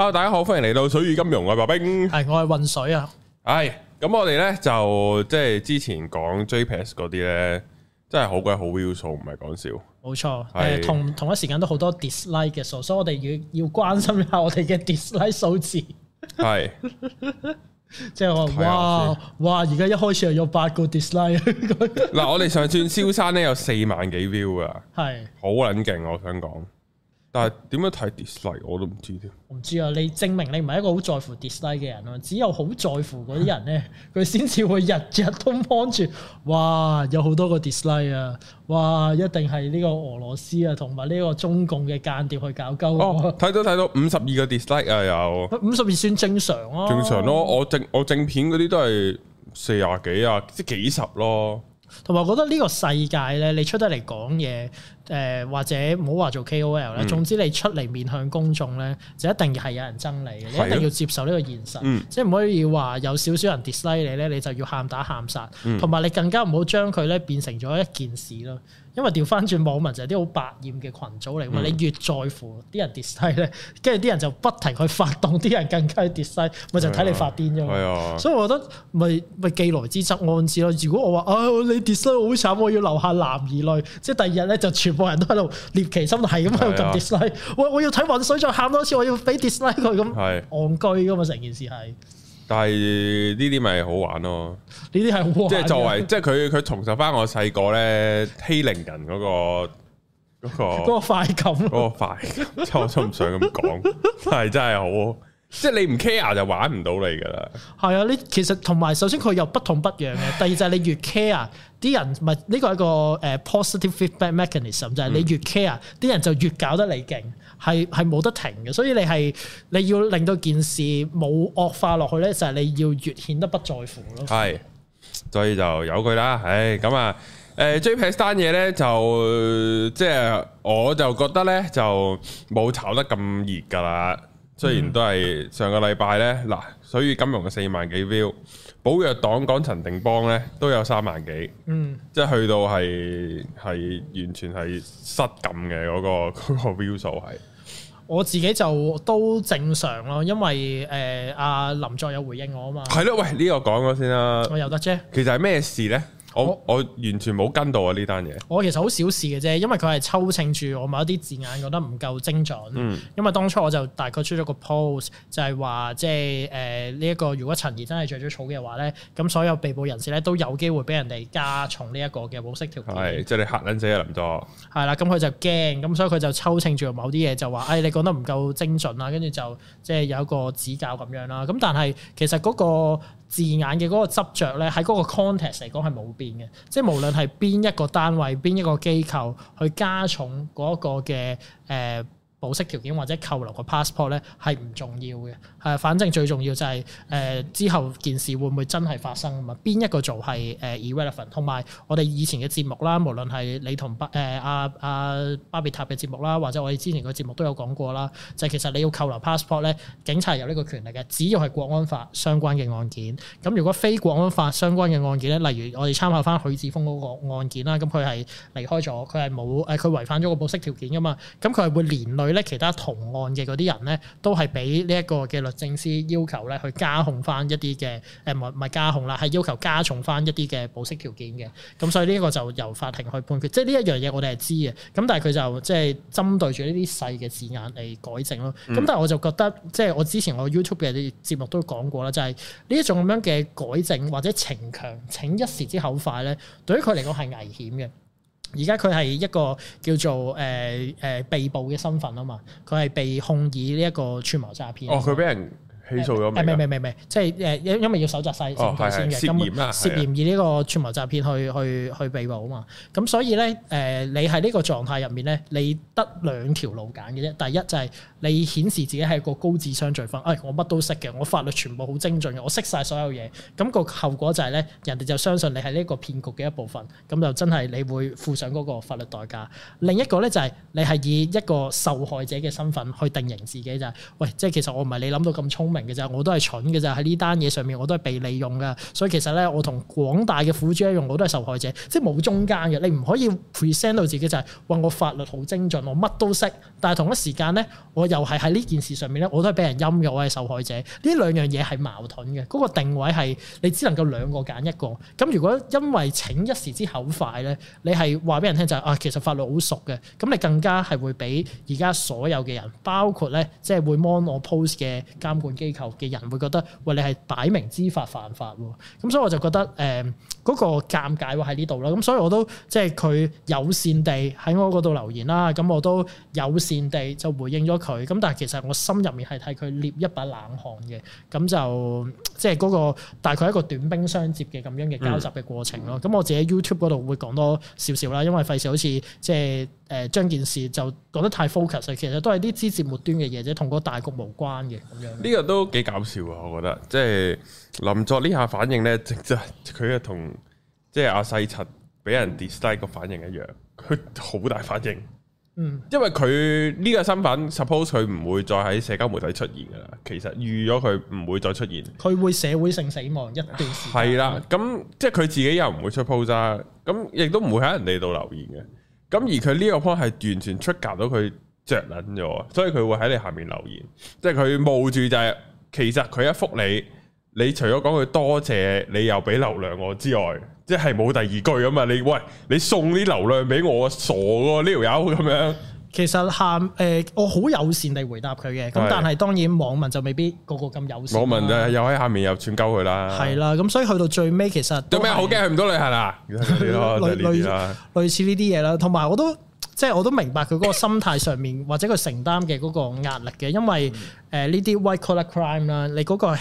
啊！Hello, 大家好，歡迎嚟到水與金融啊，白兵。係，我係混水啊。係、哎，咁我哋咧就即係之前講 JPEX 嗰啲咧，真係好鬼好 view 數，唔係講笑。冇錯錯是、呃，同同一時間都好多 dislike 嘅數，所以我哋要要關心一下我哋嘅 dislike 數字。係是，即係我哇哇！而家 一開始又有八個 dislike。嗱， 我哋上次蕭山咧有四萬幾 view 啊，係好撚勁，我想講。但係點樣睇 dislike 我都唔知添。唔知啊，你證明你唔係一個好在乎 dislike 嘅人啊。只有好在乎嗰啲人咧，佢先至會日日都望住。哇，有好多個 dislike 啊！哇，一定係呢個俄羅斯啊，同埋呢個中共嘅間諜去搞鳩。睇都睇到五十二個 dislike 啊，有五十二算正常啊。正常咯，啊，我正我正片嗰啲都係四廿幾啊，即幾十咯。同埋我覺得呢個世界咧，你出得嚟講嘢。誒，或者唔好話做 KOL 咧，總之你出嚟面向公眾咧，就一定係有人憎你，你一定要接受呢個現實，即係唔可以話有少少人 dislike 你咧，你就要喊打喊殺，同埋你更加唔好將佢咧變成咗一件事咯。因為調翻轉網民就係啲好百厭嘅群組嚟，你越在乎啲人 dislike 咧，跟住啲人就不停去發動，啲人更加 dislike，咪就睇你發癲啫嘛。所以我覺得咪咪既來之則安之咯。如果我話啊，你 dislike 好慘，我要留下男兒淚，即係第二日咧就全。個人都喺度獵奇，心就係咁喺度撳 dislike。我要睇雲水，再喊多次，我要俾 dislike 佢咁戇居噶嘛，成件事係。但係呢啲咪好玩咯？呢啲係即係作為，即係佢佢重拾翻我細個咧欺凌人嗰個嗰個快感嗰個快感，我都唔想咁講。係真係好，即係你唔 care 就玩唔到你噶啦。係啊， 你其實同埋首先佢又不痛不癢嘅，第二就係你越 care。啲人咪呢個係一個誒 positive feedback mechanism，就係你越 care，啲、嗯、人就越搞得你勁，係係冇得停嘅。所以你係你要令到件事冇惡化落去咧，就係、是、你要越顯得不在乎咯。係，所以就有佢啦，唉咁啊、呃、JPEX 單嘢咧就即係、就是、我就覺得咧就冇炒得咁熱㗎啦。雖然都係上個禮拜咧嗱，水與金融嘅四萬幾 view。保藥黨講陳定邦咧都有三萬幾，嗯，即係去到係係完全係失禁嘅嗰個嗰個 view 數係，我自己就都正常咯，因為誒阿林作有回應我啊嘛，係咯，喂呢個講咗先啦，我有得啫，其實係咩事呢？我我，我完全冇跟到啊呢單嘢。我其實好小事嘅啫，因為佢係抽秤住我某一啲字眼，覺得唔夠精準。嗯、因為當初我就大概出咗個 post，就係話即係誒呢一個，如果陳怡真係着咗草嘅話咧，咁所有被捕人士咧都有機會俾人哋加重呢一個嘅保釋條件。係，即係你嚇撚死一林多。係啦，咁佢就驚，咁所以佢就抽秤住某啲嘢，就話誒你講得唔夠精準啦，跟住就即係有一個指教咁樣啦。咁但係其實嗰個。字眼嘅嗰個執著咧，喺嗰個 context 嚟講，係冇變嘅，即係無論係邊一個單位、邊一個機構去加重嗰個嘅誒。呃保釋條件或者扣留個 passport 咧係唔重要嘅，係反正最重要就係誒之後件事會唔會真係發生啊嘛？邊一個做係誒 irrelevant？同埋我哋以前嘅節目啦，無論係你同巴誒阿阿巴別塔嘅節目啦，或者我哋之前嘅節目都有講過啦，就係、其實你要扣留 passport 咧，警察有呢個權力嘅，只要係國安法相關嘅案件。咁如果非國安法相關嘅案件咧，例如我哋參考翻許智峯嗰個案件啦，咁佢係離開咗，佢係冇誒佢違反咗個保釋條件噶嘛，咁佢係會連累，咧其他同案嘅嗰啲人咧，都係俾呢一個嘅律政司要求咧，去加控翻一啲嘅，誒唔係唔係加控啦，係要求加重翻一啲嘅保釋條件嘅。咁所以呢個就由法庭去判決，即係呢一樣嘢我哋係知嘅。咁但係佢就即係針對住呢啲細嘅字眼嚟改正咯。咁、嗯、但係我就覺得，即係我之前我 YouTube 嘅啲節目都講過啦，就係呢一種咁樣嘅改正或者逞強，逞一時之口快咧，對於佢嚟講係危險嘅。而家佢係一個叫做誒誒、呃呃、被捕嘅身份啊嘛，佢係被控以呢一個串謀詐騙。哦，佢俾人。起訴咗未？誒，唔係唔係唔係，即係誒，因因為要蒐集曬證據先嘅。涉嫌啊，涉嫌以呢個串謀詐騙去去去被捕啊嘛。咁所以咧，誒，你喺呢個狀態入面咧，你得兩條路揀嘅啫。第一就係你顯示自己係一個高智商罪犯，誒，我乜都識嘅，我法律全部好精準嘅，我識曬所有嘢。咁個後果就係咧，人哋就相信你係呢個騙局嘅一部分。咁就真係你會付上嗰個法律代價。另一個咧就係你係以一個受害者嘅身份去定型自己就係，喂，即係其實我唔係你諗到咁聰明。嘅咋，我都係蠢嘅咋，喺呢單嘢上面我都係被利用噶，所以其實咧，我同廣大嘅苦主一樣，我都係受害者，即係冇中間嘅，你唔可以 present 到自己就係、是，哇，我法律好精準，我乜都識，但係同一時間咧，我又係喺呢件事上面咧，我都係俾人陰嘅，我係受害者，呢兩樣嘢係矛盾嘅，嗰、那個定位係你只能夠兩個揀一個，咁如果因為逞一時之口快咧，你係話俾人聽就係、是、啊，其實法律好熟嘅，咁你更加係會俾而家所有嘅人，包括咧即係會 mon 我 post 嘅監管機。求嘅人會覺得，喂，你係擺明知法犯法，咁所以我就覺得，誒、呃、嗰、那個尷尬會喺呢度啦，咁所以我都即係佢友善地喺我嗰度留言啦，咁我都友善地就回應咗佢，咁但係其實我心入面係替佢捏一把冷汗嘅，咁就即係嗰個大概一個短兵相接嘅咁樣嘅交集嘅過程咯，咁、嗯、我自己 YouTube 嗰度會講多少少啦，因為費事好似即係。誒、呃、將件事就講得太 focus 其實都係啲枝節末端嘅嘢啫，同個大局無關嘅咁樣。呢個都幾搞笑啊！我覺得即係、就是、林作呢下反應呢，即係佢啊同即係阿細柒俾人 dislike 個反應一樣，佢好大反應。嗯，因為佢呢個身份 suppose 佢唔會再喺社交媒體出現㗎啦。其實預咗佢唔會再出現，佢會社會性死亡一段時間。係啦，咁、嗯、即係佢自己又唔會出 post 啦、啊，咁亦都唔會喺人哋度留言嘅。咁而佢呢個 point 係完全出格到佢着撚咗，所以佢會喺你下面留言，即係佢冒住就係、是、其實佢一覆你，你除咗講句「多謝你又俾流量我」之外，即係冇第二句啊嘛！你喂你送啲流量俾我，傻喎呢條友咁樣。其實下誒、呃，我好友善地回答佢嘅，咁是但係當然網民就未必個個咁友善啦。網民誒，又喺下面又串鳩佢啦。係啦、啊，咁、嗯、所以去到最尾，其實有咩好驚去唔到旅行啊？ 類類，類，類似呢啲嘢啦，同埋我都即係、就是、我都明白佢嗰個心態上面 或者佢承擔嘅嗰個壓力嘅，因為，嗯誒呢啲、呃、white collar crime 啦、那個，你嗰個誒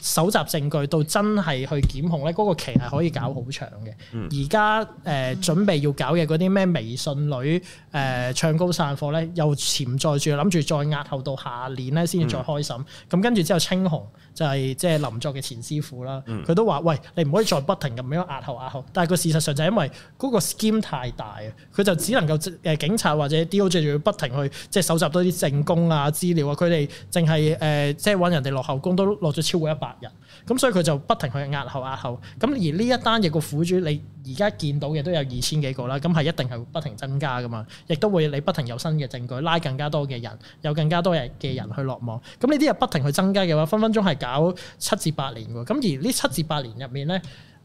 蒐集證據到真係去檢控咧，嗰、那個期係可以搞好長嘅。而家誒準備要搞嘅嗰啲咩微信女誒、呃、唱高散貨咧，又潛在住諗住再押後到下年咧先至再開審。咁、嗯、跟住之後青紅就係即係林作嘅前師傅啦，佢、嗯、都話：「喂，你唔可以再不停咁樣押後押後。」但係個事實上就係因為嗰個 scheme 太大啊，佢就只能夠誒警察或者 DOJ 仲要不停去即係搜集多啲證供啊資料啊，佢哋。淨係誒，即係揾人哋落後工都落咗超過一百日，咁所以佢就不停去押後押後。咁而呢一單嘢個苦主，你而家見到嘅都有二千幾個啦，咁係一定係不停增加噶嘛，亦都會你不停有新嘅證據拉更加多嘅人，有更加多嘅人去落網。咁呢啲係不停去增加嘅話，分分鐘係搞七至八年喎。咁而呢七至八年入面呢。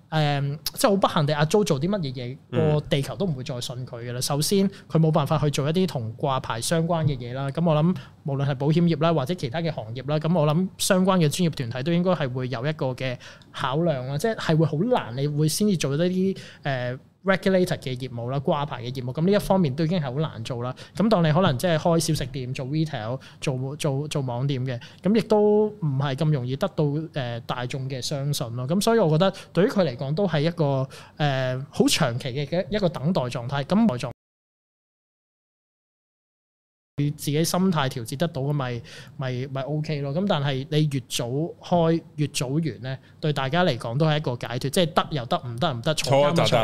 誒，即係好不幸地，阿、啊、Jo 做啲乜嘢嘢，個地球都唔會再信佢嘅啦。首先，佢冇辦法去做一啲同掛牌相關嘅嘢啦。咁我諗，無論係保險業啦，或者其他嘅行業啦，咁我諗相關嘅專業團體都應該係會有一個嘅考量啦。即係係會好難，你會先至做啲誒。呃 regulated 嘅業務啦，掛牌嘅業務，咁呢一方面都已經係好難做啦。咁當你可能即係開小食店、做 retail 做、做做做網店嘅，咁亦都唔係咁容易得到誒大眾嘅相信咯。咁所以我覺得對於佢嚟講都係一個誒好、呃、長期嘅一個等待狀態。咁。你自己心態調節得到咁咪咪咪 OK 咯，咁但係你越早開越早完呢，對大家嚟講都係一個解脫，即係得又得，唔得唔得，坐監坐監，係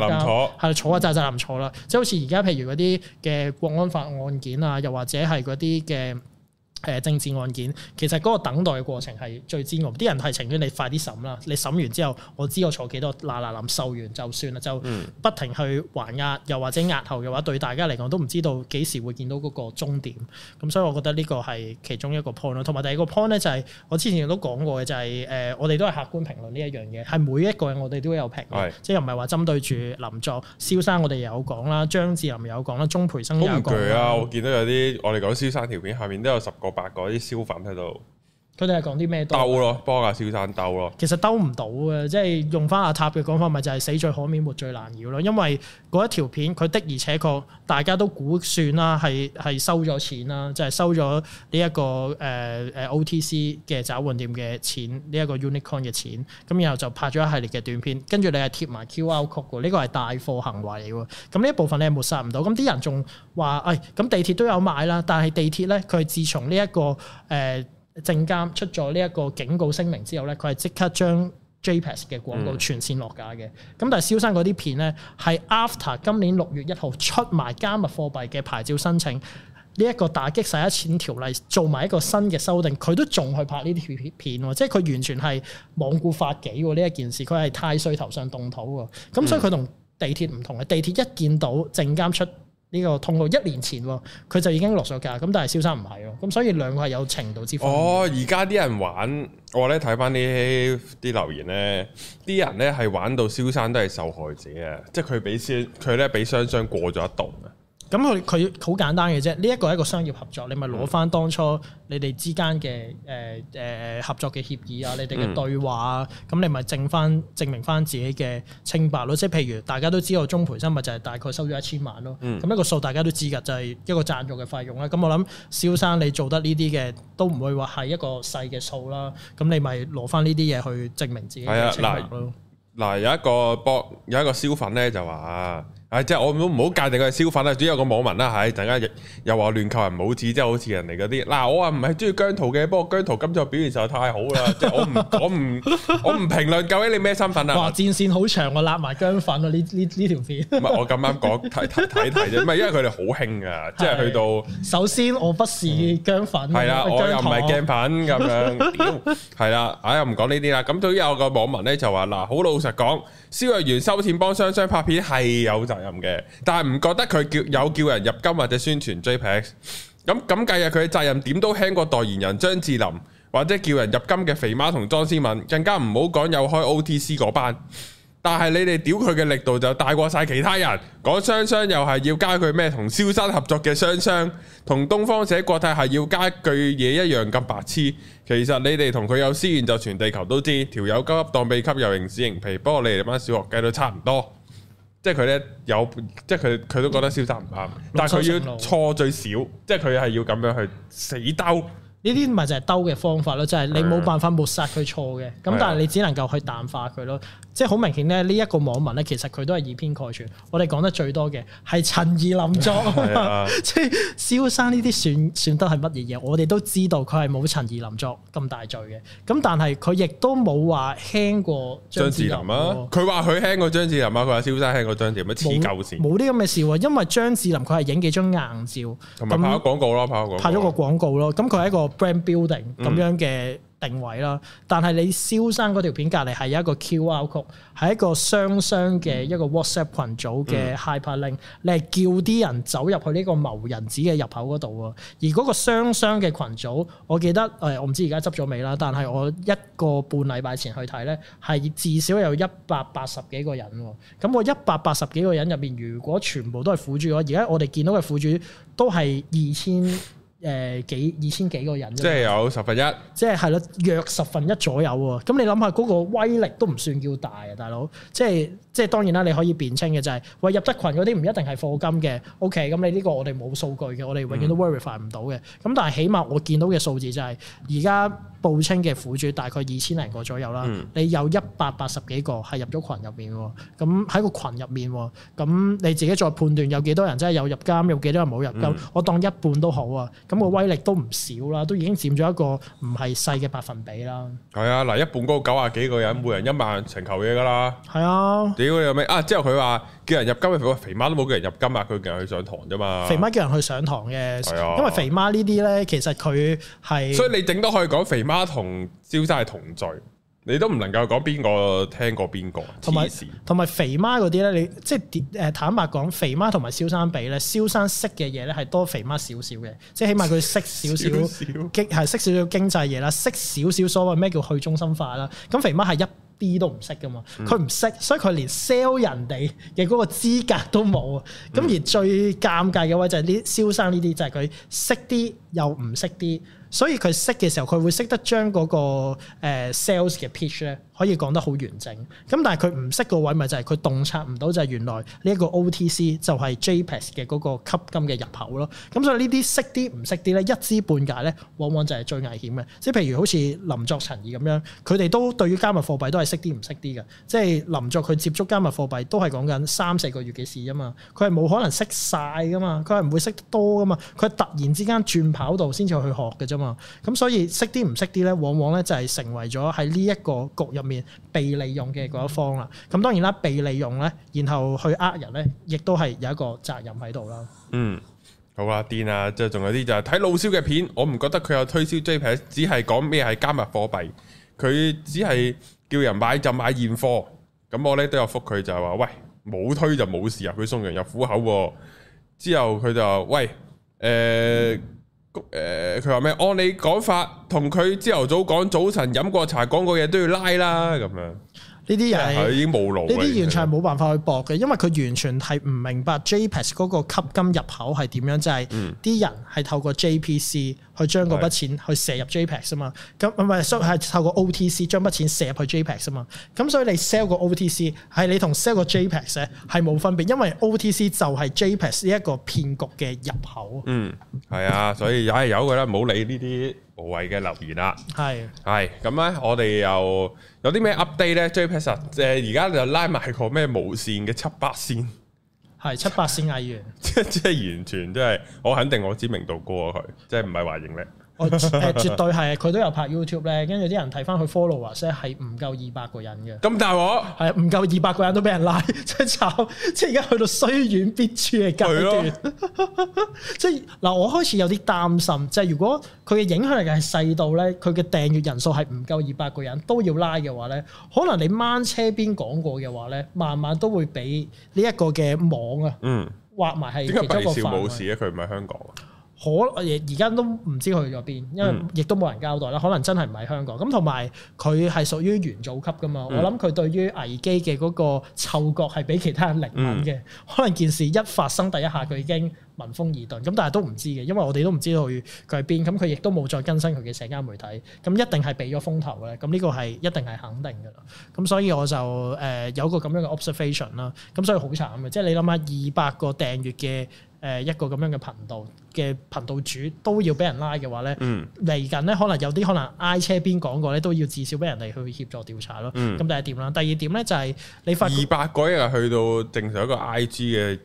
坐下監坐唔坐啦，嗯、即係好似而家譬如嗰啲嘅國安法案件啊，又或者係嗰啲嘅。誒政治案件，其實嗰個等待嘅過程係最煎熬，啲人係情願你快啲審啦。你審完之後，我知我坐幾多嗱嗱臨，受完就算啦，就不停去還押，又或者押後嘅話，對大家嚟講都唔知道幾時會見到嗰個終點。咁所以我覺得呢個係其中一個 point 囉。同埋第二個 point 咧就係、是、我之前亦、就是呃、都講過嘅，就係誒我哋都係客觀評論呢一樣嘢，係每一個人我哋都有評論，是即係唔係話針對住林作、蕭生，我哋有講啦，張智霖有講啦，鐘培生有講。好啊！我見到有啲我哋講蕭生條片下面都有十個白嗰啲燒粉喺度。佢哋係講啲咩？兜咯，幫下蕭生兜咯。其實兜唔到嘅，即係用翻阿塔嘅講法，咪就係死罪可免，活罪難饒咯。因為嗰一條片，佢的而且確大家都估算啦，係係收咗錢啦，就係、是、收咗呢一個誒誒、呃、OTC 嘅找換店嘅錢，呢、這、一個 unicorn 嘅錢。咁然後就拍咗一系列嘅短片，跟住你係貼埋 QR Code 嘅，呢個係帶貨行為喎。咁呢一部分你係抹殺唔到。咁啲人仲話誒，咁、哎、地鐵都有買啦，但係地鐵咧，佢係自從呢、這、一個誒。呃證監出咗呢一個警告聲明之後咧，佢係即刻將 JPEX 嘅廣告全線落架嘅。咁、嗯、但係蕭生嗰啲片咧，係 after 今年六月一號出埋加密貨幣嘅牌照申請，呢、這、一個打擊洗錢條例做埋一個新嘅修訂，佢都仲去拍呢啲片喎。即係佢完全係罔顧法紀喎呢一件事，佢係太歲頭上動土喎。咁、嗯、所以佢同地鐵唔同嘅，地鐵一見到證監出。呢個痛到一年前喎、哦，佢就已經落咗價，咁但係蕭生唔係喎，咁所以兩個係有程度之分。哦，而家啲人玩我咧，睇翻呢啲留言咧，啲人咧係玩到蕭生都係受害者啊！即係佢俾蕭佢咧俾雙雙過咗一度啊！咁佢佢好簡單嘅啫，呢一個係一個商業合作，你咪攞翻當初你哋之間嘅誒誒合作嘅協議啊，你哋嘅對話啊，咁、嗯、你咪證翻證明翻自己嘅清白咯。即係譬如大家都知道鍾培生咪就係大概收咗、嗯、一千萬咯，咁呢個數大家都知㗎，就係、是、一個贊助嘅費用啦。咁我諗蕭生你做得呢啲嘅都唔會話係一個細嘅數啦。咁你咪攞翻呢啲嘢去證明自己嘅清白咯。嗱、啊啊啊啊、有一個博有一個燒粉咧就話。即係、啊、我唔好唔好界定佢係燒粉啦，主要有個網民啦，唉，突然又又話亂扣人帽子，即係好似人哋嗰啲。嗱、呃，我話唔係中意姜濤嘅，不過姜濤今次表現實在太好啦，即係 我唔講唔我唔評論究竟你咩身份啊？哇，戰線好長，我拉埋姜粉啊，呢呢條片。唔 係我咁啱講睇睇睇啫，唔係因為佢哋好興啊，即、就、係、是、去到。首先我不是姜粉。係啦，我又唔係鏡粉咁樣，係啦，唉、嗯，唔講呢啲啦。咁總之有個網民咧就話，嗱、啊，好老實講，蕭若元收錢幫雙雙拍片係有責任嘅，但係唔覺得佢叫有叫人入金或者宣傳 JPEX 咁咁計日，佢嘅責任點都輕過代言人張智霖，或者叫人入金嘅肥媽同莊思敏，更加唔好講有開 OTC 嗰班。但係你哋屌佢嘅力度就大過晒其他人，講雙雙又係要加佢咩同蕭生合作嘅雙雙，同東方寫國泰係要加句嘢一樣咁白痴。其實你哋同佢有私怨就全地球都知，條友高級當秘級又型屎型皮，不過你哋班小學計到差唔多。即係佢咧有，即係佢佢都覺得蕭生唔啱，嗯、但係佢要錯最少，嗯、即係佢係要咁樣去死兜。呢啲咪就係兜嘅方法咯，即、就、係、係、你冇辦法抹殺佢錯嘅，咁、嗯、但係你只能夠去淡化佢咯。即係好明顯咧，呢、這、一個網民咧，其實佢都係以偏概全。我哋講得最多嘅係陳怡林作，即係、啊、 蕭生呢啲算算得係乜嘢嘢？我哋都知道佢係冇陳怡林作咁大罪嘅。咁但係佢亦都冇話輕過張智,智霖啊。佢話佢輕過張智霖啊，佢話蕭生輕過張智霖乜黐鳩事？冇啲咁嘅事喎，因為張智霖佢係影幾張硬照，同埋然後 那拍咗廣告咯，拍咗個廣告咯。咁佢係一個 brand building 咁樣嘅、嗯。定位啦，但係你蕭生嗰條片隔籬係一個 QR Code，係一個雙雙嘅一個 WhatsApp 群組嘅 hyper link，你係叫啲人走入去呢個謀人寺嘅入口嗰度啊！而嗰個雙雙嘅群組，我記得誒、哎，我唔知而家執咗未啦，但係我一個半禮拜前去睇呢，係至少有一百八十幾個人。咁我一百八十幾個人入面，如果全部都係苦主嘅話，而家我哋見到嘅苦主都係二千。誒幾二千幾個人啫即係有十分一，即係係咯，約十分一左右喎。咁你諗下嗰個威力都唔算叫大啊，大佬。即係即係當然啦，你可以辨清嘅就係、是，喂入得群嗰啲唔一定係課金嘅。嗯、OK，咁你呢個我哋冇數據嘅，我哋永遠都 verify 唔到嘅。咁、嗯、但係起碼我見到嘅數字就係、是，而家報稱嘅苦主大概二千零個左右啦。嗯、你有一百八十幾個係入咗群入面喎。咁喺個群入面喎，咁你自己再判斷有幾多人真係有入金，有幾多人冇入金，嗯、我當一半都好啊。咁個威力都唔少啦，都已經佔咗一個唔係細嘅百分比啦。係啊，嗱，一半嗰九十幾個人，每人一萬人成球嘢噶啦。係啊，屌有咩啊？之後佢話叫人入金，佢話肥媽都冇叫人入金啊，佢叫人去上堂啫嘛。肥媽叫人去上堂嘅，因為肥媽呢啲咧，其實佢係，所以你頂多可以講肥媽同蕭生係同罪。你都唔能夠講邊個聽過邊個，黐線。同埋肥媽嗰啲咧，你即係誒坦白講，肥媽同埋蕭生比咧，蕭生識嘅嘢咧係多肥媽少少嘅，即係起碼佢識少少經係識少少經濟嘢啦， 識少少，識少，少所謂咩叫去中心化啦。咁肥媽係一啲都唔識噶嘛，佢唔、嗯、識，所以佢連 sell 人哋嘅嗰個資格都冇。咁、嗯、而最尷尬嘅位就係啲蕭生呢啲，就係、是、佢識啲又唔識啲。所以佢識嘅時候，佢會識得將嗰、那個誒、呃、sales 嘅 pitch 咧。可以講得好完整，咁但係佢唔識個位咪就係佢洞察唔到，就係原來呢一個 OTC 就係 JPEX 嘅嗰個吸金嘅入口咯。咁、嗯、所以呢啲識啲唔識啲咧，一知半解咧，往往就係最危險嘅。即係譬如好似林作陳怡咁樣，佢哋都對於加密貨幣都係識啲唔識啲嘅。即、就、係、是、林作佢接觸加密貨幣都係講緊三四個月嘅事啫嘛，佢係冇可能識晒噶嘛，佢係唔會識得多噶嘛，佢突然之間轉跑道先至去學嘅啫嘛。咁、嗯、所以識啲唔識啲咧，往往咧就係成為咗喺呢一個局入面被利用嘅嗰一方啦，咁當然啦，被利用咧，然後去呃人咧，亦都係有一個責任喺度啦。嗯，好啊，癲啊，即係仲有啲就係睇老蕭嘅片，我唔覺得佢有推銷 JPEX，只係講咩係加密貨幣，佢只係叫人買就買現貨。咁我咧都有覆佢就係話，喂，冇推就冇事啊，佢送人入虎口。之後佢就，喂，誒、呃。嗯。誒，佢話咩？按你講法，同佢朝頭早講早晨飲過茶，講過嘢都要拉啦，咁樣呢啲人係已經冇腦呢啲完全係冇辦法去搏嘅，因為佢完全係唔明白 JPEX 嗰個吸金入口係點樣，就係、是、啲人係透過 JPC、嗯。去將嗰筆錢去射入 JPEX 啊嘛，咁唔唔係，係透過 OTC 將筆錢射入去 JPEX 啊嘛，咁所以你 sell 個 OTC 係你同 sell 個 JPEX 咧係冇分別，因為 OTC 就係 JPEX 呢一個騙局嘅入口。嗯，係啊，所以有係有嘅啦，唔好理呢啲無謂嘅留言啦。係係是，咁咧我哋又有啲咩 update 咧？JPEX 即係而家就拉埋個咩無線嘅七八線。係七八線藝員， 即係完全即係我肯定我知名度高過佢，即係唔係話型叻。 我誒、呃、絕對係，佢都有拍 YouTube 咧，跟住啲人睇翻佢 followers 係唔夠二百個人嘅。咁大鑊係唔夠二百個人都俾人拉，即真慘！即係而家去到雖遠必誅嘅階段。對咯 即係嗱，我開始有啲擔心，即係如果佢嘅影響力係細到咧，佢嘅訂閱人數係唔夠二百個人都要拉嘅話咧，可能你掹車邊講過嘅話咧，慢慢都會俾呢一個嘅網、嗯、啊，嗯，畫埋係。點解幣少冇事咧？佢唔喺香港。可而而家都唔知佢去咗邊，因為亦都冇人交代啦。可能真係唔喺香港。咁同埋佢係屬於元祖級㗎嘛。嗯、我諗佢對於危機嘅嗰個嗅覺係比其他人靈敏嘅。嗯、可能件事一發生第一下佢已經聞風而遁。咁但係都唔知嘅，因為我哋都唔知道佢喺邊。咁佢亦都冇再更新佢嘅社交媒體。咁一定係避咗風頭嘅。咁呢個係一定係肯定嘅啦。咁所以我就誒、呃、有個咁樣嘅 observation 啦。咁所以好慘嘅，即係你諗下二百個訂閱嘅。誒一個咁樣嘅頻道嘅頻道主都要俾人拉嘅話咧，嚟近咧可能有啲可能挨車邊講過咧，都要至少俾人哋去協助調查咯。咁第一點啦，第二點咧就係、是、你發二百個人去到正常一個 IG 嘅。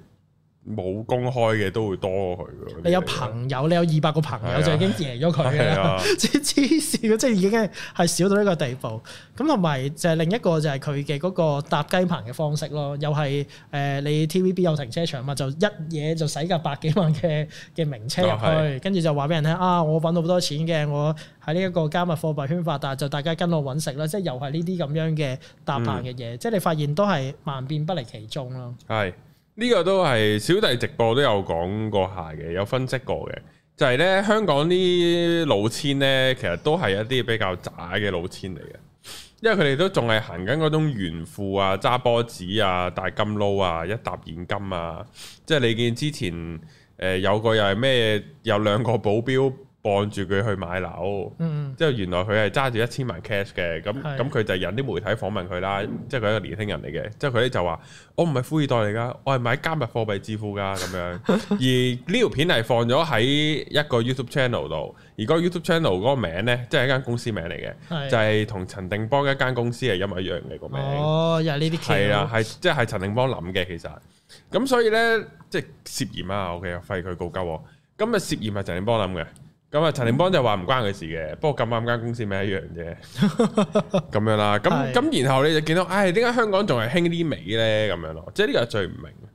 冇公開嘅都會多過佢。你有朋友，你有二百個朋友就已經贏咗佢啦。即黐線即即已經係少到呢個地步。咁同埋就係另一個就係佢嘅嗰個搭雞棚嘅方式咯。又係誒、呃，你 TVB 有停車場嘛？就一嘢就使架百幾萬嘅嘅名車入去，跟住、啊、就話俾人聽啊！我揾到好多錢嘅，我喺呢一個加密貨幣圈發達，就大家跟我揾食啦。即又係呢啲咁樣嘅搭棚嘅嘢。嗯、即你發現都係萬變不離其宗咯。係。呢個都係小弟直播都有講過下嘅，有分析過嘅，就係、是、咧香港啲老千咧，其實都係一啲比較渣嘅老千嚟嘅，因為佢哋都仲係行緊嗰種炫富啊、揸波子啊、大金撈啊、一沓現金啊，即係你見之前誒、呃、有個又係咩？有兩個保鏢。傍住佢去買樓，嗯、即係原來佢係揸住一千萬 cash 嘅，咁咁佢就引啲媒體訪問佢啦。即係佢係一個年輕人嚟嘅，即係佢咧就話：我唔係富二代嚟㗎，我係買加密貨幣支付㗎咁樣。 而呢條片係放咗喺一個 YouTube channel 度，而個 YouTube channel 嗰個名咧，即係一間公司名嚟嘅，的就係同陳定邦一間公司係一模一樣嘅、哦、個名。哦，因呢啲係啦，係即係陳定邦諗嘅其實。咁所以咧，即係涉嫌啊！OK，我嘅費佢告鳩，咁、那、啊、個、涉嫌係陳定邦諗嘅。咁啊，陳定邦就話唔關佢事嘅，嗯、不過咁啱間公司咪一樣啫，咁 樣啦。咁咁然後你就見到，唉、哎，點解香港仲係興啲味咧？咁樣咯，即係呢個係最唔明。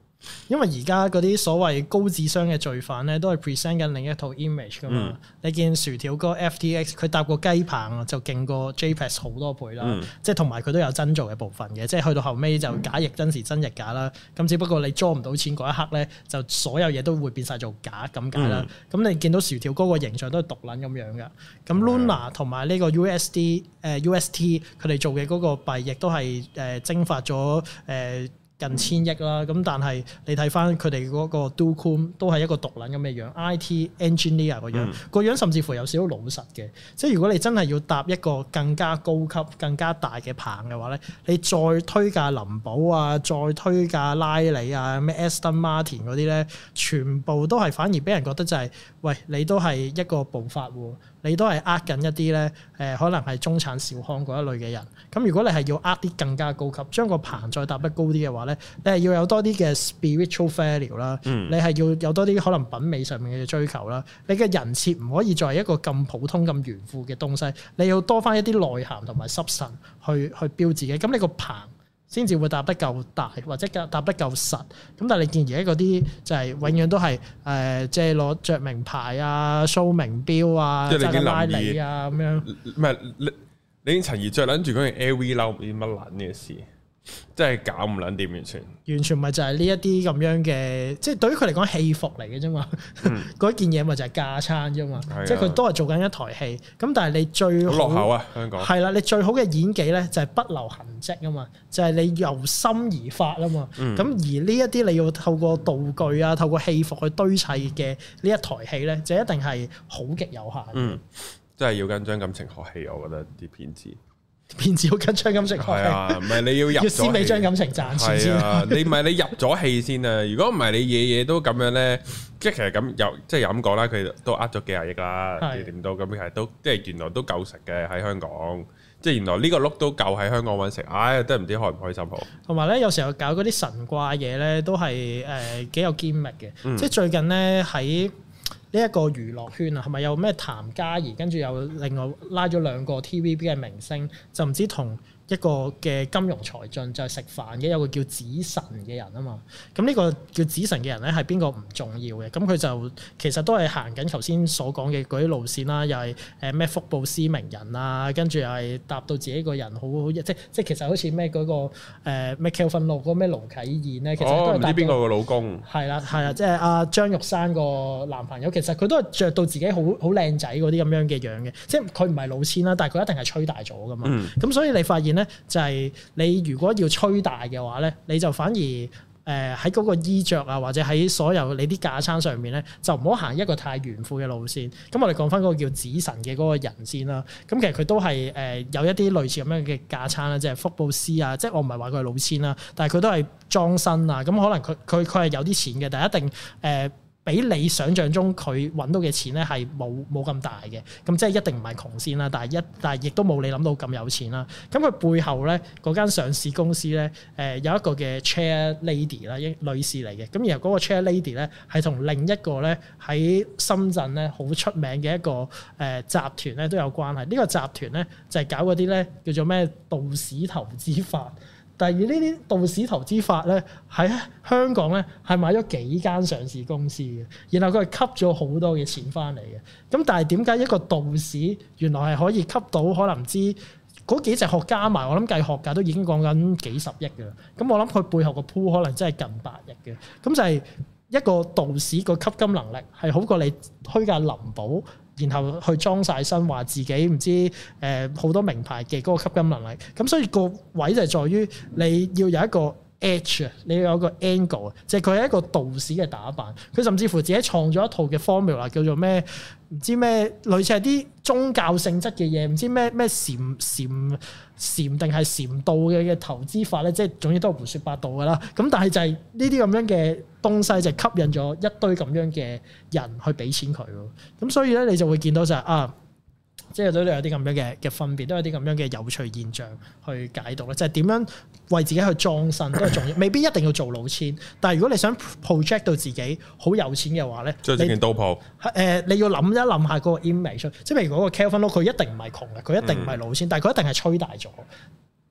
因為而家嗰啲所謂高智商嘅罪犯咧，都係 present 緊另一套 image 噶嘛、嗯。你見薯條哥 FTX 佢搭個雞棚就勁過 JPEX 好多倍啦，嗯、即係同埋佢都有真做嘅部分嘅，即係去到後尾，就假亦真時，真亦假啦。咁只不過你 draw 唔到錢嗰一刻咧，就所有嘢都會變晒做假咁解啦。咁、嗯、你見到薯條哥個形象都係毒撚咁樣噶。咁 Luna 同埋呢個 USD 誒、呃、UST 佢哋做嘅嗰個幣亦都係誒、呃、蒸發咗誒。呃近千億啦，咁但係你睇翻佢哋嗰個 Ducam 都係一個獨撚咁嘅樣 ，IT engineer 個樣，個樣甚至乎有少少老實嘅。即係如果你真係要搭一個更加高級、更加大嘅棚嘅話咧，你再推介林寶啊，再推介拉里啊，咩 Aston Martin 嗰啲咧，全部都係反而俾人覺得就係、是，喂，你都係一個暴發戶。你都係呃緊一啲咧，誒可能係中產小康嗰一類嘅人。咁如果你係要呃啲更加高級，將個棚再搭得高啲嘅話咧，你係要有多啲嘅 spiritual value 啦、嗯，你係要有多啲可能品味上面嘅追求啦。你嘅人設唔可以再一個咁普通咁炫富嘅東西，你要多翻一啲內涵同埋濕神去去標誌嘅。咁你個棚先至會搭得夠大或者搭得夠實，咁但係你見而家嗰啲就係永遠都係誒，即係攞着名牌啊、show 名錶啊、真係拉你啊咁樣，唔係你你陳怡再諗住講嘅 LV 褸乜撚呢嘅事？即係搞唔捻掂，完全完全咪就係呢一啲咁樣嘅，即係對於佢嚟講戲服嚟嘅啫嘛，嗰、嗯、 件嘢咪就係架撐啫嘛，對呀 即係佢都係做緊一台戲。咁但係你最好落後啊香港係啦，你最好嘅演技咧就係不留痕跡啊嘛，就係、是、你由心而發啊嘛。咁、嗯、而呢一啲你要透過道具啊，透過戲服去堆砌嘅呢一台戲咧，就一定係好極有限、嗯。真係要緊張感情學戲，我覺得啲片子。變好緊張感情，係啊，唔係你要入要先俾張感情賺錢先，你唔係你入咗氣先啊！如果唔係你嘢嘢都咁樣咧，即係其實咁又即係又咁講啦，佢都呃咗幾廿億啦，點點都咁其實都即係原來都夠食嘅，喺香港，即係原來呢個碌都夠喺香港揾食，唉都係唔知開唔開心好。同埋咧，有時候搞嗰啲神怪嘢咧，都係誒幾有揭秘嘅，嗯、即係最近咧喺。呢一個娛樂圈啊，係咪有咩譚嘉怡，跟住又另外拉咗兩個 TVB 嘅明星，就唔知同一個嘅金融才俊就係、是、食飯嘅，有個叫子辰嘅人啊嘛。咁呢個叫子辰嘅人咧，係邊個唔重要嘅。咁佢就其實都係行緊頭先所講嘅嗰啲路線啦。又係誒咩福布斯名人啊，跟住又係搭到自己一個人好好，即係即係其實好似咩嗰個誒麥考芬路嗰咩盧啟賢咧，其實都係、那個。哦，唔知邊個個老公。係啦係啦，即係阿張玉山個男朋友。其實佢都係着到自己好好靚仔嗰啲咁樣嘅樣嘅，即係佢唔係老千啦，但係佢一定係吹大咗㗎嘛。嗯。咁所以你發現。就係、是、你如果要吹大嘅話咧，你就反而誒喺嗰個衣着啊，或者喺所有你啲架撐上面咧，就唔好行一個太炫富嘅路線。咁我哋講翻嗰個叫「子神」嘅嗰個人先啦。咁其實佢都係誒、呃、有一啲類似咁樣嘅架撐啦，即係福布斯啊。即係我唔係話佢係老千啦，但係佢都係裝身啊。咁可能佢佢佢係有啲錢嘅，但係一定誒。呃比你想像中佢揾到嘅錢咧係冇冇咁大嘅，咁即係一定唔係窮先啦，但係一但係亦都冇你諗到咁有錢啦。咁佢背後咧嗰間上市公司咧，誒、呃、有一個嘅 chair lady 啦，英女士嚟嘅。咁然後嗰個 chair lady 咧係同另一個咧喺深圳咧好出名嘅一個誒、呃、集團咧都有關係。呢、這個集團咧就係、是、搞嗰啲咧叫做咩道士投資法。但，而呢啲道士投資法咧喺香港咧係買咗幾間上市公司嘅，然後佢係吸咗好多嘅錢翻嚟嘅。咁但係點解一個道士原來係可以吸到可能唔知嗰幾隻學家加埋，我諗計殼價都已經講緊幾十億嘅。咁我諗佢背後個 pool 可能真係近百億嘅。咁就係一個道士個吸金能力係好過你虛假林保。然後去裝晒身，話自己唔知誒好、呃、多名牌嘅嗰個吸金能力，咁所以個位就係在於你要有一個。e d 你有個 angle，即係佢係一個道士嘅打扮，佢甚至乎自己創咗一套嘅 formula 叫做咩？唔知咩類似係啲宗教性質嘅嘢，唔知咩咩禪禪禪定係禪道嘅嘅投資法咧，即係總之都胡說八道噶啦。咁但係就係呢啲咁樣嘅東西就係、吸引咗一堆咁樣嘅人去俾錢佢，咁所以咧你就會見到就係、係、啊。即係都有啲咁樣嘅嘅分別，都有啲咁樣嘅有趣現象去解讀咧。即係點樣為自己去裝身都係重要，未必一定要做老千。但係如果你想 project 到自己好有錢嘅話咧，著住件刀袍。誒、呃，你要諗一諗下嗰個 image，即係譬如嗰個 Kelvin Lo，佢一定唔係窮嘅，佢一定唔係老千，嗯、但係佢一定係吹大咗。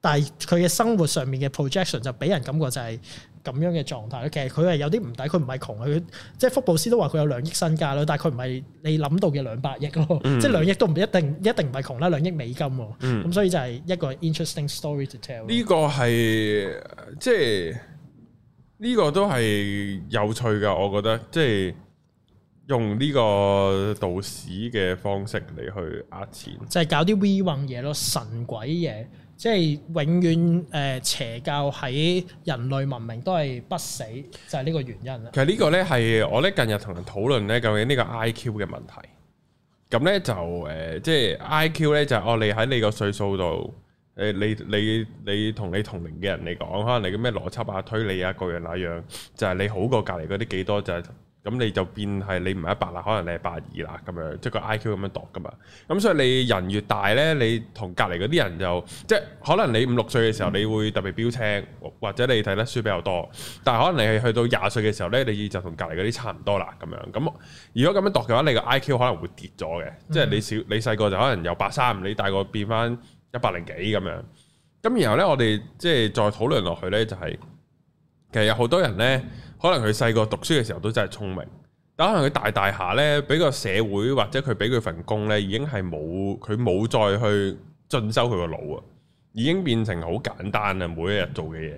但係佢嘅生活上面嘅 projection 就俾人感覺就係咁樣嘅狀態咯。其實佢係有啲唔抵，佢唔係窮，佢即係福布斯都話佢有兩億身價咯。但係佢唔係你諗到嘅兩百億咯，即係兩億都唔一定，一定唔係窮啦，兩億美金。咁所以就係一個 interesting story to tell。呢個係即係呢個都係有趣㗎，我覺得即係用呢個道士嘅方式嚟去呃錢，就係搞啲 we run 嘢咯，神鬼嘢。即係永遠誒、呃、邪教喺人類文明都係不死，就係、是、呢個原因啦。其實呢個呢係我呢近日同人討論呢究竟呢個 IQ 嘅問題，咁呢就誒，即係 IQ 呢，就係、是、我你喺你個歲數度誒，你你你，你，你同你同齡嘅人嚟講，可能你嘅咩邏輯啊、推理啊、各樣那樣，就係、是、你好過隔離嗰啲幾多就係、是。咁你就變係你唔係一百啦，可能你係百二啦咁樣，即、就、係、是、個 IQ 咁樣度噶嘛。咁所以你人越大呢，你同隔離嗰啲人就即係可能你五六歲嘅時候，你會特別標青，嗯、或者你睇得書比較多。但係可能你係去到廿歲嘅時候呢，你就同隔離嗰啲差唔多啦咁樣。咁如果咁樣度嘅話，你個 IQ 可能會跌咗嘅，嗯、即係你小你細個就可能由百三，你大個變翻一百零幾咁樣。咁然後呢，我哋即係再討論落去呢、就是，就係。其實有好多人呢，可能佢細個讀書嘅時候都真係聰明，但可能佢大大下呢，俾個社會或者佢俾佢份工呢，已經係冇佢冇再去進修佢個腦啊，已經變成好簡單啊，每一日做嘅嘢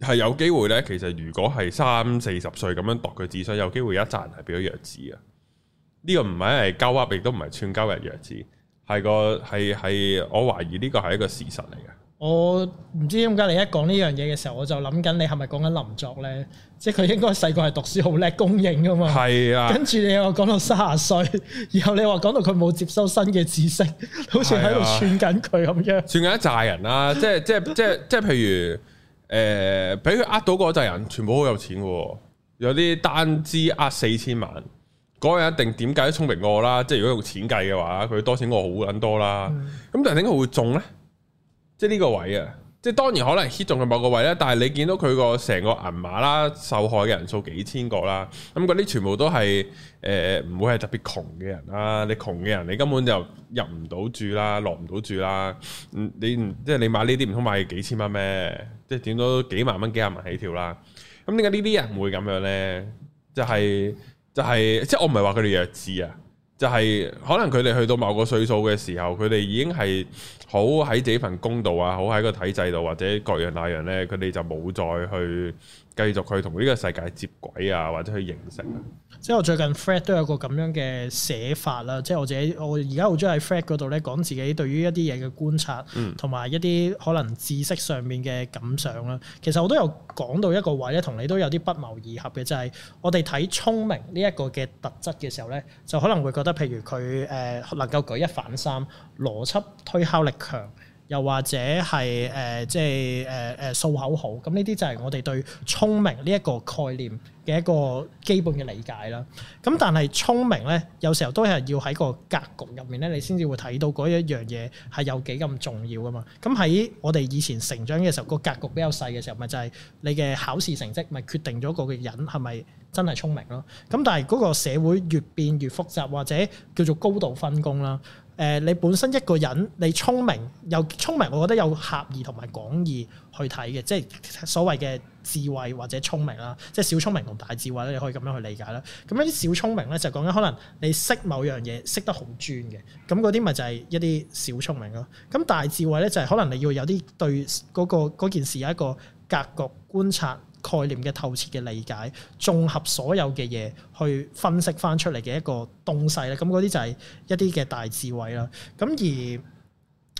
係有機會呢，其實如果係三四十歲咁樣度佢智商，有機會一賺係變咗弱智啊！呢、這個唔係係鳩 up，亦都唔係串鳩人弱智，係個係係我懷疑呢個係一個事實嚟嘅。我唔知點解你一講呢樣嘢嘅時候，我就諗緊你係咪講緊林作咧？即係佢應該細個係讀書好叻，公認噶嘛？係啊。跟住你又講到卅歲，然後你話講到佢冇接收新嘅知識，啊、好似喺度串緊佢咁樣。串緊、啊、一扎人啦，啊，即係即係即係即係譬如誒，俾佢呃到嗰扎人，全部好有錢喎，有啲單資呃四千萬，嗰人一定點解都聰明過我啦？即係如果用錢計嘅話，佢多錢我好撚多啦。咁但係點解會中咧？即呢個位啊，即當然可能 hit 中佢某個位啦，但係你見到佢個成個銀碼啦，受害嘅人數幾千個啦，咁嗰啲全部都係誒唔會係特別窮嘅人啦。你窮嘅人，你根本就入唔到住啦，落唔到住啦、嗯。你即係你買呢啲唔通買幾千蚊咩？即點都幾萬蚊幾廿萬起跳啦。咁點解呢啲人唔會咁樣呢？就係、是、就係、是、即我唔係話佢哋弱智啊。就係可能佢哋去到某個歲數嘅時候，佢哋已經係好喺自己份工度啊，好喺個體制度或者各樣那樣咧，佢哋就冇再去。繼續去同呢個世界接軌啊，或者去認識。即係我最近 Fred 都有個咁樣嘅寫法啦，即係我自己，我而家好中意喺 Fred 嗰度咧講自己對於一啲嘢嘅觀察，同埋、嗯、一啲可能知識上面嘅感想啦。其實我都有講到一個位咧，同你都有啲不謀而合嘅，就係、是、我哋睇聰明呢一個嘅特質嘅時候咧，就可能會覺得譬如佢誒、呃、能夠舉一反三、邏輯推敲力強。又或者係誒、呃，即係誒誒數口好，咁呢啲就係我哋對聰明呢一個概念嘅一個基本嘅理解啦。咁但係聰明咧，有時候都係要喺個格局入面咧，你先至會睇到嗰一樣嘢係有幾咁重要㗎嘛。咁喺我哋以前成長嘅時候，個格局比較細嘅時候，咪就係、是、你嘅考試成績咪決定咗個嘅人係咪真係聰明咯。咁但係嗰個社會越變越複雜，或者叫做高度分工啦。誒、呃，你本身一個人，你聰明又聰明，我覺得有狹義同埋廣義去睇嘅，即係所謂嘅智慧或者聰明啦，即係小聰明同大智慧咧，你可以咁樣去理解啦。咁一啲小聰明咧，就講緊可能你識某樣嘢識得好專嘅，咁嗰啲咪就係一啲小聰明咯。咁大智慧咧，就係、是、可能你要有啲對嗰、那個嗰件事有一個格局觀察。概念嘅透徹嘅理解，綜合所有嘅嘢去分析翻出嚟嘅一個東西。咧，咁嗰啲就係一啲嘅大智慧啦。咁而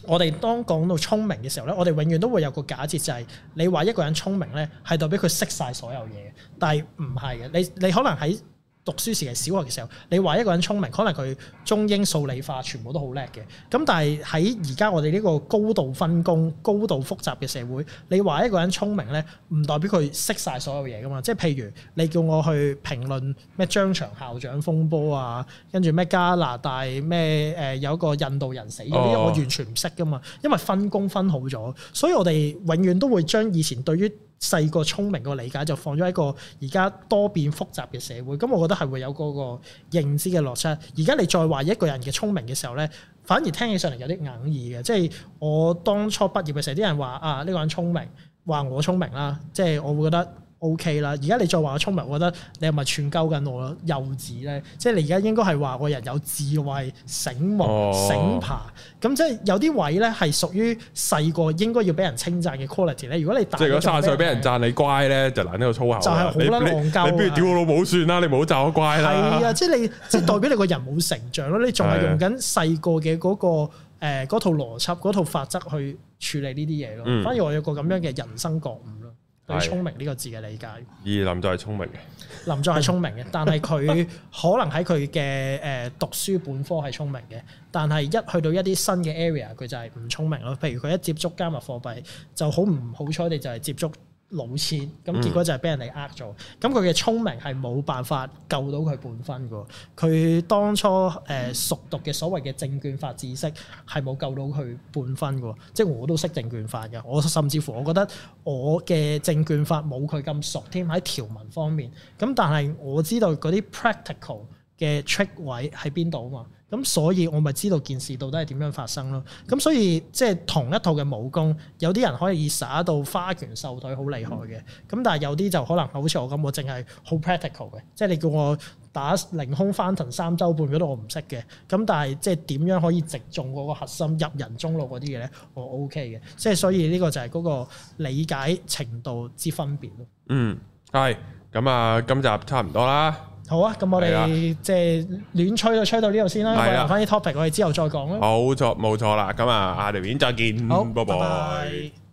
我哋當講到聰明嘅時候咧，我哋永遠都會有個假設，就係、是、你話一個人聰明咧，係代表佢識晒所有嘢，但係唔係嘅。你你可能喺讀書時期，小學嘅時候，你話一個人聰明，可能佢中英數理化全部都好叻嘅。咁但係喺而家我哋呢個高度分工、高度複雜嘅社會，你話一個人聰明呢，唔代表佢識晒所有嘢噶嘛？即係譬如你叫我去評論咩張翔校長風波啊，跟住咩加拿大咩誒、呃、有個印度人死咗，啲，我完全唔識噶嘛。因為分工分好咗，所以我哋永遠都會將以前對於細個聰明個理解就放咗喺一個而家多變複雜嘅社會，咁我覺得係會有嗰個認知嘅落差。而家你再話一個人嘅聰明嘅時候咧，反而聽起上嚟有啲哽耳嘅。即係我當初畢業嘅時候，啲人話啊，呢個人聰明，話我聰明啦。即係我會覺得。O K 啦，而家、okay、你再話我聰明，我覺得你係咪串鳩緊我幼稚咧？即係你而家應該係話個人有智慧、醒目、哦、醒爬，咁即係有啲位咧係屬於細個應該要俾人稱讚嘅 quality 咧。如果你即係如果三十歲俾人讚你乖咧，就攔呢個粗口。就係好撚戇鳩，你不如屌我老母算啦，你唔好讚我乖啦。係、那、啊、個，即係你即係代表你個人冇成長咯，你仲係用緊細個嘅嗰個嗰套邏輯、嗰套法則去處理呢啲嘢咯。反而我有個咁樣嘅人生覺悟咯。嗯對聰明呢個字嘅理解，而林作係聰明嘅，林作係聰明嘅，但係佢可能喺佢嘅誒讀書本科係聰明嘅，但係一去到一啲新嘅 area，佢就係唔聰明咯。譬如佢一接觸加密貨幣，就好唔好彩地就係接觸。老千咁，結果就係俾人哋呃咗，咁佢嘅聰明係冇辦法救到佢半分噶。佢當初誒熟讀嘅所謂嘅證券法知識係冇救到佢半分噶。即係我都識證券法噶，我甚至乎我覺得我嘅證券法冇佢咁熟添，喺條文方面。咁但係我知道嗰啲 practical 嘅 trick 位喺邊度啊嘛。咁所以我咪知道件事到底係點樣發生咯。咁所以即係同一套嘅武功，有啲人可以耍到花拳繡腿好厲害嘅。咁但係有啲就可能好似我咁，我淨係好 practical 嘅。即係你叫我打凌空翻騰三周半嗰啲，我唔識嘅。咁但係即係點樣可以直中嗰個核心入人中路嗰啲嘢咧，我 OK 嘅。即係所以呢個就係嗰個理解程度之分別咯。嗯，係。咁啊，今集差唔多啦。好啊，咁我哋的即係亂吹就吹到呢度先啦，換翻啲 topic，我哋之後再講啦。冇錯，冇錯啦。咁啊，下條片，再見，好，拜拜。